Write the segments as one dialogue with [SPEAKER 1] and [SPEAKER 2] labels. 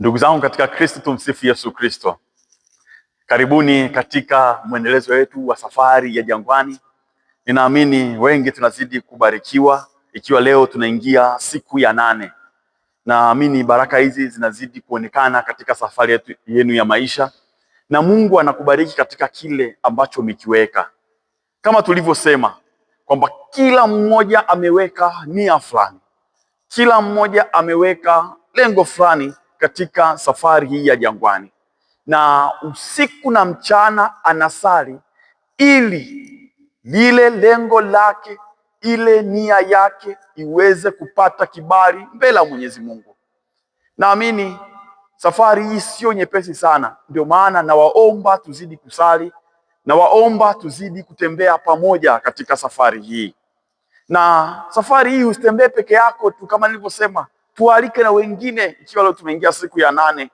[SPEAKER 1] Ndugu zangu katika Kristo, tumsifu Yesu Kristo. Karibuni katika mwendelezo wetu wa safari ya jangwani. Ninaamini wengi tunazidi kubarikiwa, ikiwa leo tunaingia siku ya nane. Naamini baraka hizi zinazidi kuonekana katika safari yetu yenu ya maisha, na Mungu anakubariki katika kile ambacho umekiweka, kama tulivyosema kwamba kila mmoja ameweka nia fulani, kila mmoja ameweka lengo fulani katika safari hii ya jangwani, na usiku na mchana anasali ili lile lengo lake, ile nia yake iweze kupata kibali mbele ya Mwenyezi Mungu. Naamini safari hii siyo nyepesi sana, ndio maana nawaomba tuzidi kusali, nawaomba tuzidi kutembea pamoja katika safari hii. Na safari hii usitembee peke yako tu, kama nilivyosema tualike na wengine, ikiwa leo tumeingia siku ya nane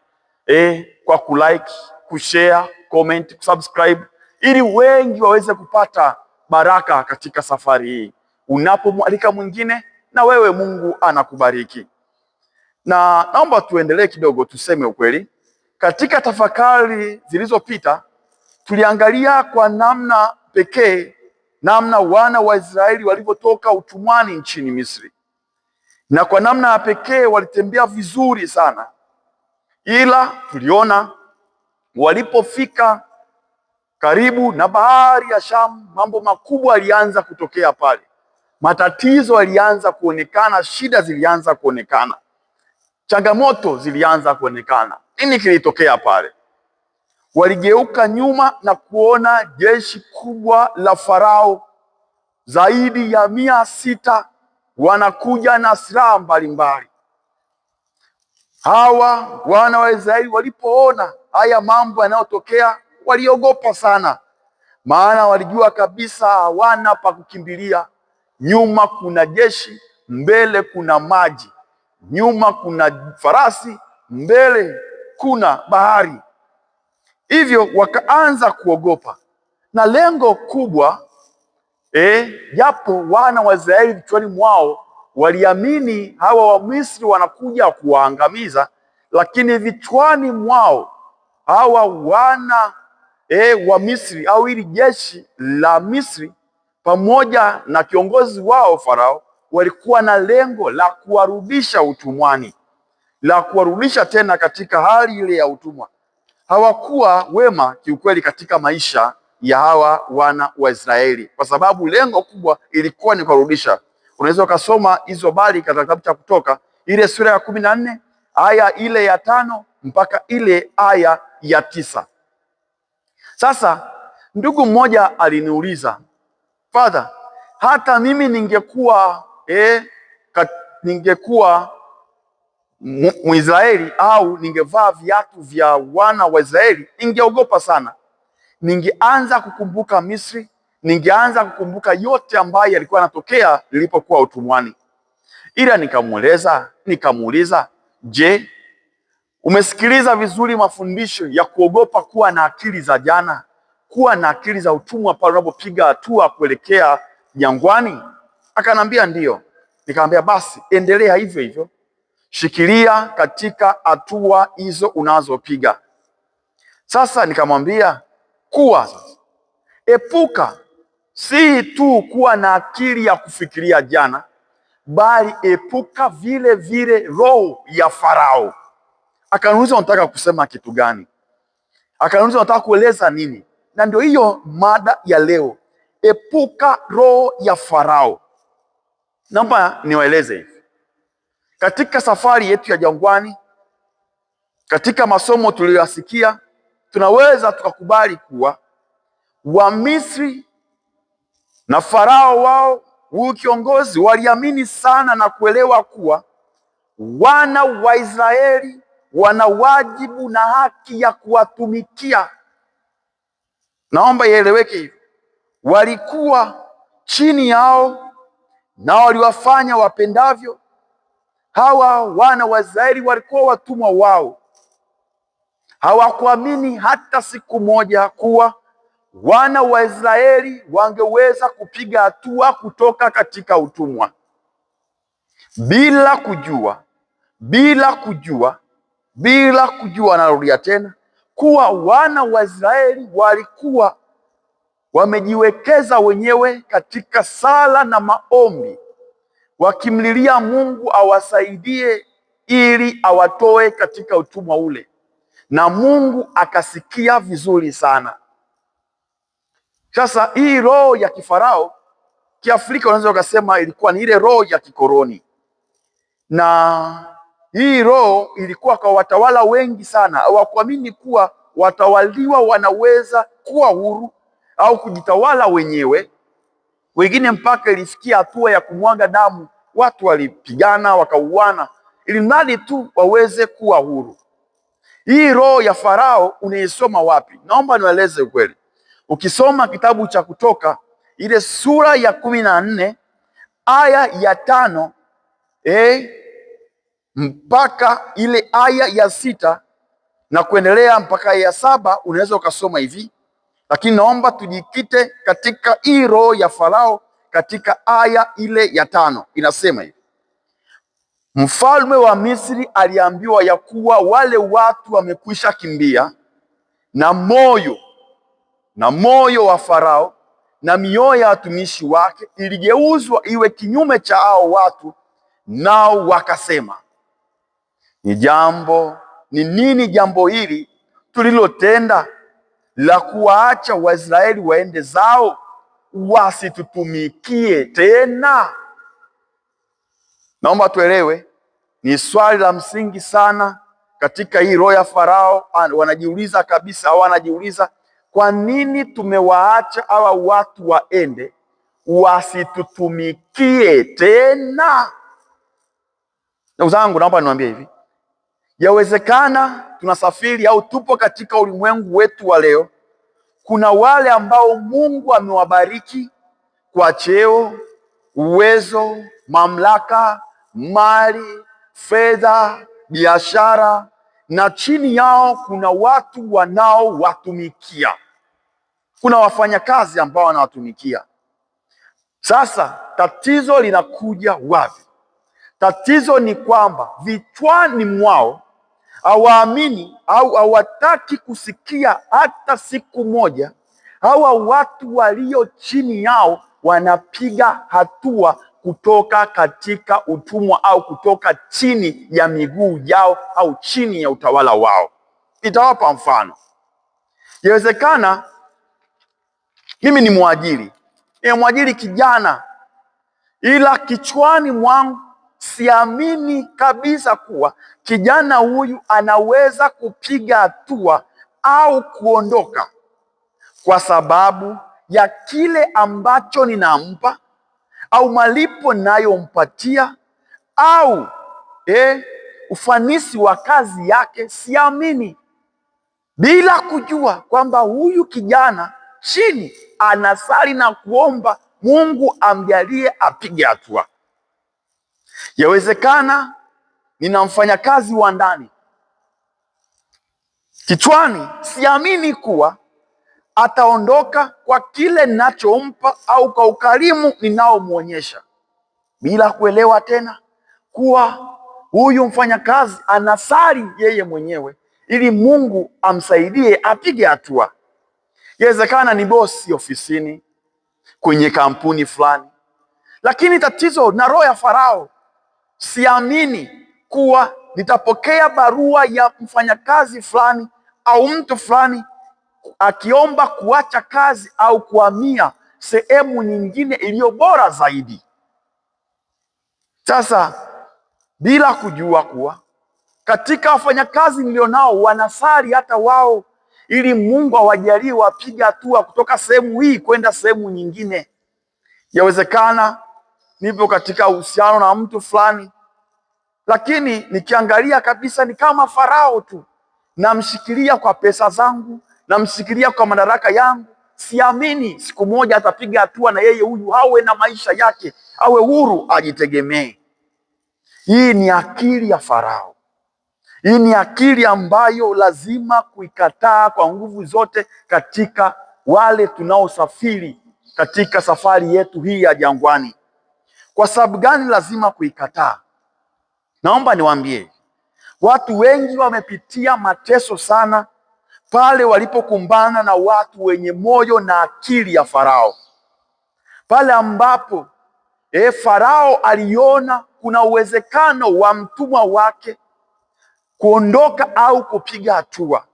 [SPEAKER 1] eh, kwa kulike, kushare, comment, kusubscribe ili wengi waweze kupata baraka katika safari hii. Unapomwalika mwingine, na wewe Mungu anakubariki. Na naomba tuendelee kidogo, tuseme ukweli. Katika tafakari zilizopita, tuliangalia kwa namna pekee namna wana wa Israeli walivyotoka utumwani nchini Misri na kwa namna ya pekee walitembea vizuri sana, ila tuliona walipofika karibu na bahari ya Shamu, mambo makubwa yalianza kutokea pale, matatizo yalianza kuonekana, shida zilianza kuonekana, changamoto zilianza kuonekana. Nini kilitokea pale? Waligeuka nyuma na kuona jeshi kubwa la Farao zaidi ya mia sita wanakuja na silaha mbalimbali. Hawa wana wa Israeli walipoona haya mambo yanayotokea, waliogopa sana, maana walijua kabisa hawana pa kukimbilia. Nyuma kuna jeshi, mbele kuna maji, nyuma kuna farasi, mbele kuna bahari. Hivyo wakaanza kuogopa, na lengo kubwa E? japo wana wa Israeli vichwani mwao waliamini hawa Wamisri wanakuja kuwaangamiza, lakini vichwani mwao hawa wana eh, wa Misri au ili jeshi la Misri pamoja na kiongozi wao Farao walikuwa na lengo la kuwarudisha utumwani, la kuwarudisha tena katika hali ile ya utumwa. Hawakuwa wema kiukweli katika maisha ya hawa wana wa Israeli, kwa sababu lengo kubwa ilikuwa ni kuwarudisha. Unaweza ukasoma hizo bali katika kitabu cha Kutoka ile sura ya kumi na nne aya ile ya tano mpaka ile aya ya tisa. Sasa ndugu mmoja aliniuliza Father, hata mimi ningekuwa eh, ningekuwa Mwisraeli au ningevaa viatu vya wana wa Israeli ningeogopa sana ningeanza kukumbuka Misri, ningeanza kukumbuka yote ambayo yalikuwa yanatokea nilipokuwa utumwani. Ila nikamweleza nikamuuliza, je, umesikiliza vizuri mafundisho ya kuogopa kuwa na akili za jana, kuwa na akili za utumwa pale unapopiga hatua kuelekea jangwani? Akanambia ndiyo. Nikamwambia basi endelea hivyo hivyo, shikilia katika hatua hizo unazopiga. Sasa nikamwambia kuwa sasa, epuka si tu kuwa na akili ya kufikiria jana, bali epuka vile vile roho ya Farao. Akaniuliza unataka kusema kitu gani? Akaniuliza unataka kueleza nini? Na ndio hiyo mada ya leo, epuka roho ya Farao. Naomba niwaeleze katika safari yetu ya jangwani, katika masomo tuliyoyasikia tunaweza tukakubali kuwa Wamisri na Farao wao huyu kiongozi waliamini sana na kuelewa kuwa wana wa Israeli wana wajibu na haki ya kuwatumikia. Naomba ieleweke hivyo, walikuwa chini yao na waliwafanya wapendavyo. Hawa wana wa Israeli walikuwa watumwa wao, hawakuamini hata siku moja kuwa wana wa Israeli wangeweza kupiga hatua kutoka katika utumwa. Bila kujua, bila kujua, bila kujua, narudia tena, kuwa wana wa Israeli walikuwa wamejiwekeza wenyewe katika sala na maombi, wakimlilia Mungu awasaidie ili awatoe katika utumwa ule na Mungu akasikia vizuri sana. Sasa hii roho ya kifarao Kiafrika unaweza ukasema ilikuwa ni ile roho ya kikoroni, na hii roho ilikuwa kwa watawala wengi sana, hawakuamini kuwa watawaliwa wanaweza kuwa huru au kujitawala wenyewe. Wengine mpaka ilifikia hatua ya kumwaga damu, watu walipigana wakauana, ili mradi tu waweze kuwa huru. Hii roho ya Farao unaisoma wapi? Naomba nieleze ukweli. Ukisoma kitabu cha Kutoka ile sura ya kumi na nne aya ya tano eh, mpaka ile aya ya sita na kuendelea mpaka ya saba unaweza ukasoma hivi, lakini naomba tujikite katika hii roho ya Farao katika aya ile ya tano inasema hivi Mfalme wa Misri aliambiwa ya kuwa wale watu wamekwisha kimbia, na moyo na moyo wa Farao na mioyo ya watumishi wake iligeuzwa iwe kinyume cha hao watu, nao wakasema, ni jambo ni nini jambo hili tulilotenda la kuwaacha Waisraeli waende zao wasitutumikie tena? Naomba tuelewe ni swali la msingi sana katika hii roho ya Farao. Ah, wanajiuliza kabisa au wanajiuliza kwa nini tumewaacha hawa watu waende wasitutumikie tena? Ndugu zangu, naomba niwaambie hivi, yawezekana tunasafiri au tupo katika ulimwengu wetu wa leo, kuna wale ambao Mungu amewabariki kwa cheo, uwezo, mamlaka, mali fedha, biashara, na chini yao kuna watu wanaowatumikia, kuna wafanyakazi ambao wanawatumikia. Sasa tatizo linakuja wapi? Tatizo ni kwamba vichwani mwao hawaamini au hawataki kusikia hata siku moja hawa watu walio chini yao wanapiga hatua kutoka katika utumwa au kutoka chini ya miguu yao au chini ya utawala wao. Nitawapa mfano. Yawezekana mimi ni mwajiri, nimemwajiri kijana, ila kichwani mwangu siamini kabisa kuwa kijana huyu anaweza kupiga hatua au kuondoka kwa sababu ya kile ambacho ninampa au malipo nayompatia au eh, ufanisi wa kazi yake, siamini bila kujua kwamba huyu kijana chini anasali na kuomba Mungu amjalie apige hatua. Yawezekana nina mfanyakazi wa ndani kichwani, siamini kuwa ataondoka kwa kile ninachompa au kwa ukarimu ninaomwonyesha, bila kuelewa tena kuwa huyu mfanyakazi anasali yeye mwenyewe ili Mungu amsaidie apige hatua. Yawezekana ni bosi ofisini, kwenye kampuni fulani, lakini tatizo na roho ya Farao, siamini kuwa nitapokea barua ya mfanyakazi fulani au mtu fulani akiomba kuacha kazi au kuhamia sehemu nyingine iliyo bora zaidi. Sasa bila kujua kuwa katika wafanyakazi nilionao wanasali hata wao, ili Mungu awajalie wapige hatua kutoka sehemu hii kwenda sehemu nyingine. Yawezekana nipo katika uhusiano na mtu fulani, lakini nikiangalia kabisa ni kama Farao tu, namshikilia kwa pesa zangu, namshikilia kwa madaraka yangu. Siamini siku moja atapiga hatua na yeye huyu awe na maisha yake, awe huru, ajitegemee. Hii ni akili ya Farao. Hii ni akili ambayo lazima kuikataa kwa nguvu zote, katika wale tunaosafiri katika safari yetu hii ya jangwani. Kwa sababu gani lazima kuikataa? Naomba niwaambie, watu wengi wamepitia mateso sana pale walipokumbana na watu wenye moyo na akili ya Farao, pale ambapo e, Farao aliona kuna uwezekano wa mtumwa wake kuondoka au kupiga hatua.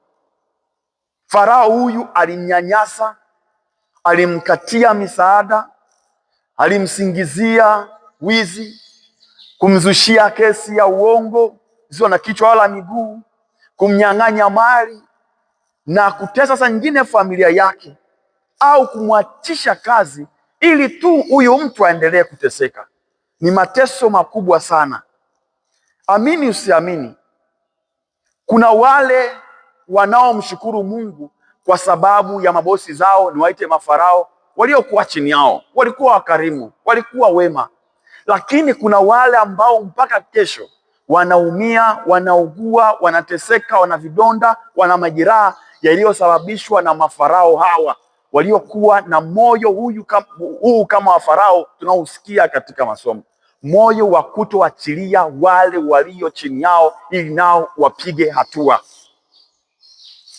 [SPEAKER 1] Farao huyu alimnyanyasa, alimkatia misaada, alimsingizia wizi, kumzushia kesi ya uongo zio na kichwa wala miguu, kumnyang'anya mali na kutesa sasa nyingine familia yake au kumwachisha kazi ili tu huyu mtu aendelee kuteseka. Ni mateso makubwa sana. Amini usiamini, kuna wale wanaomshukuru Mungu kwa sababu ya mabosi zao, ni waite mafarao, waliokuwa chini yao, walikuwa wakarimu, walikuwa wema, lakini kuna wale ambao mpaka kesho wanaumia, wanaugua, wanateseka, wana vidonda, wana majeraha yaliyosababishwa na mafarao hawa waliokuwa na moyo huyu kam, huu kama wafarao tunaosikia tunaousikia katika masomo, moyo wa kutoachilia wale walio chini yao ili nao wapige hatua,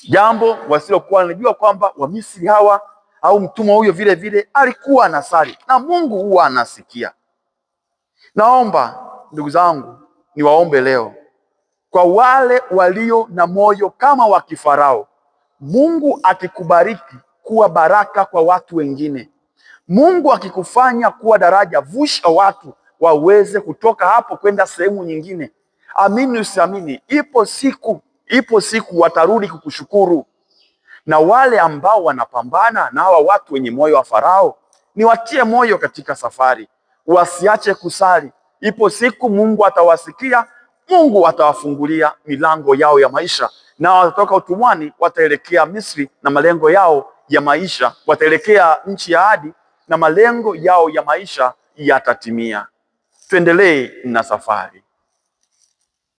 [SPEAKER 1] jambo wasilokuwa wanajua kwamba Wamisri hawa au mtumwa huyo vile vile alikuwa anasali na Mungu huwa anasikia. Naomba ndugu zangu, niwaombe leo kwa wale walio na moyo kama wa kifarao Mungu akikubariki kuwa baraka kwa watu wengine. Mungu akikufanya kuwa daraja, vusha watu waweze kutoka hapo kwenda sehemu nyingine. Amini usiamini, ipo siku, ipo siku watarudi kukushukuru. Na wale ambao wanapambana na hawa watu wenye moyo wa Farao, ni watie moyo katika safari, wasiache kusali. Ipo siku Mungu atawasikia, Mungu atawafungulia milango yao ya maisha na watatoka utumwani wataelekea Misri na malengo yao ya maisha, wataelekea nchi ya ahadi na malengo yao ya maisha yatatimia. Tuendelee na safari.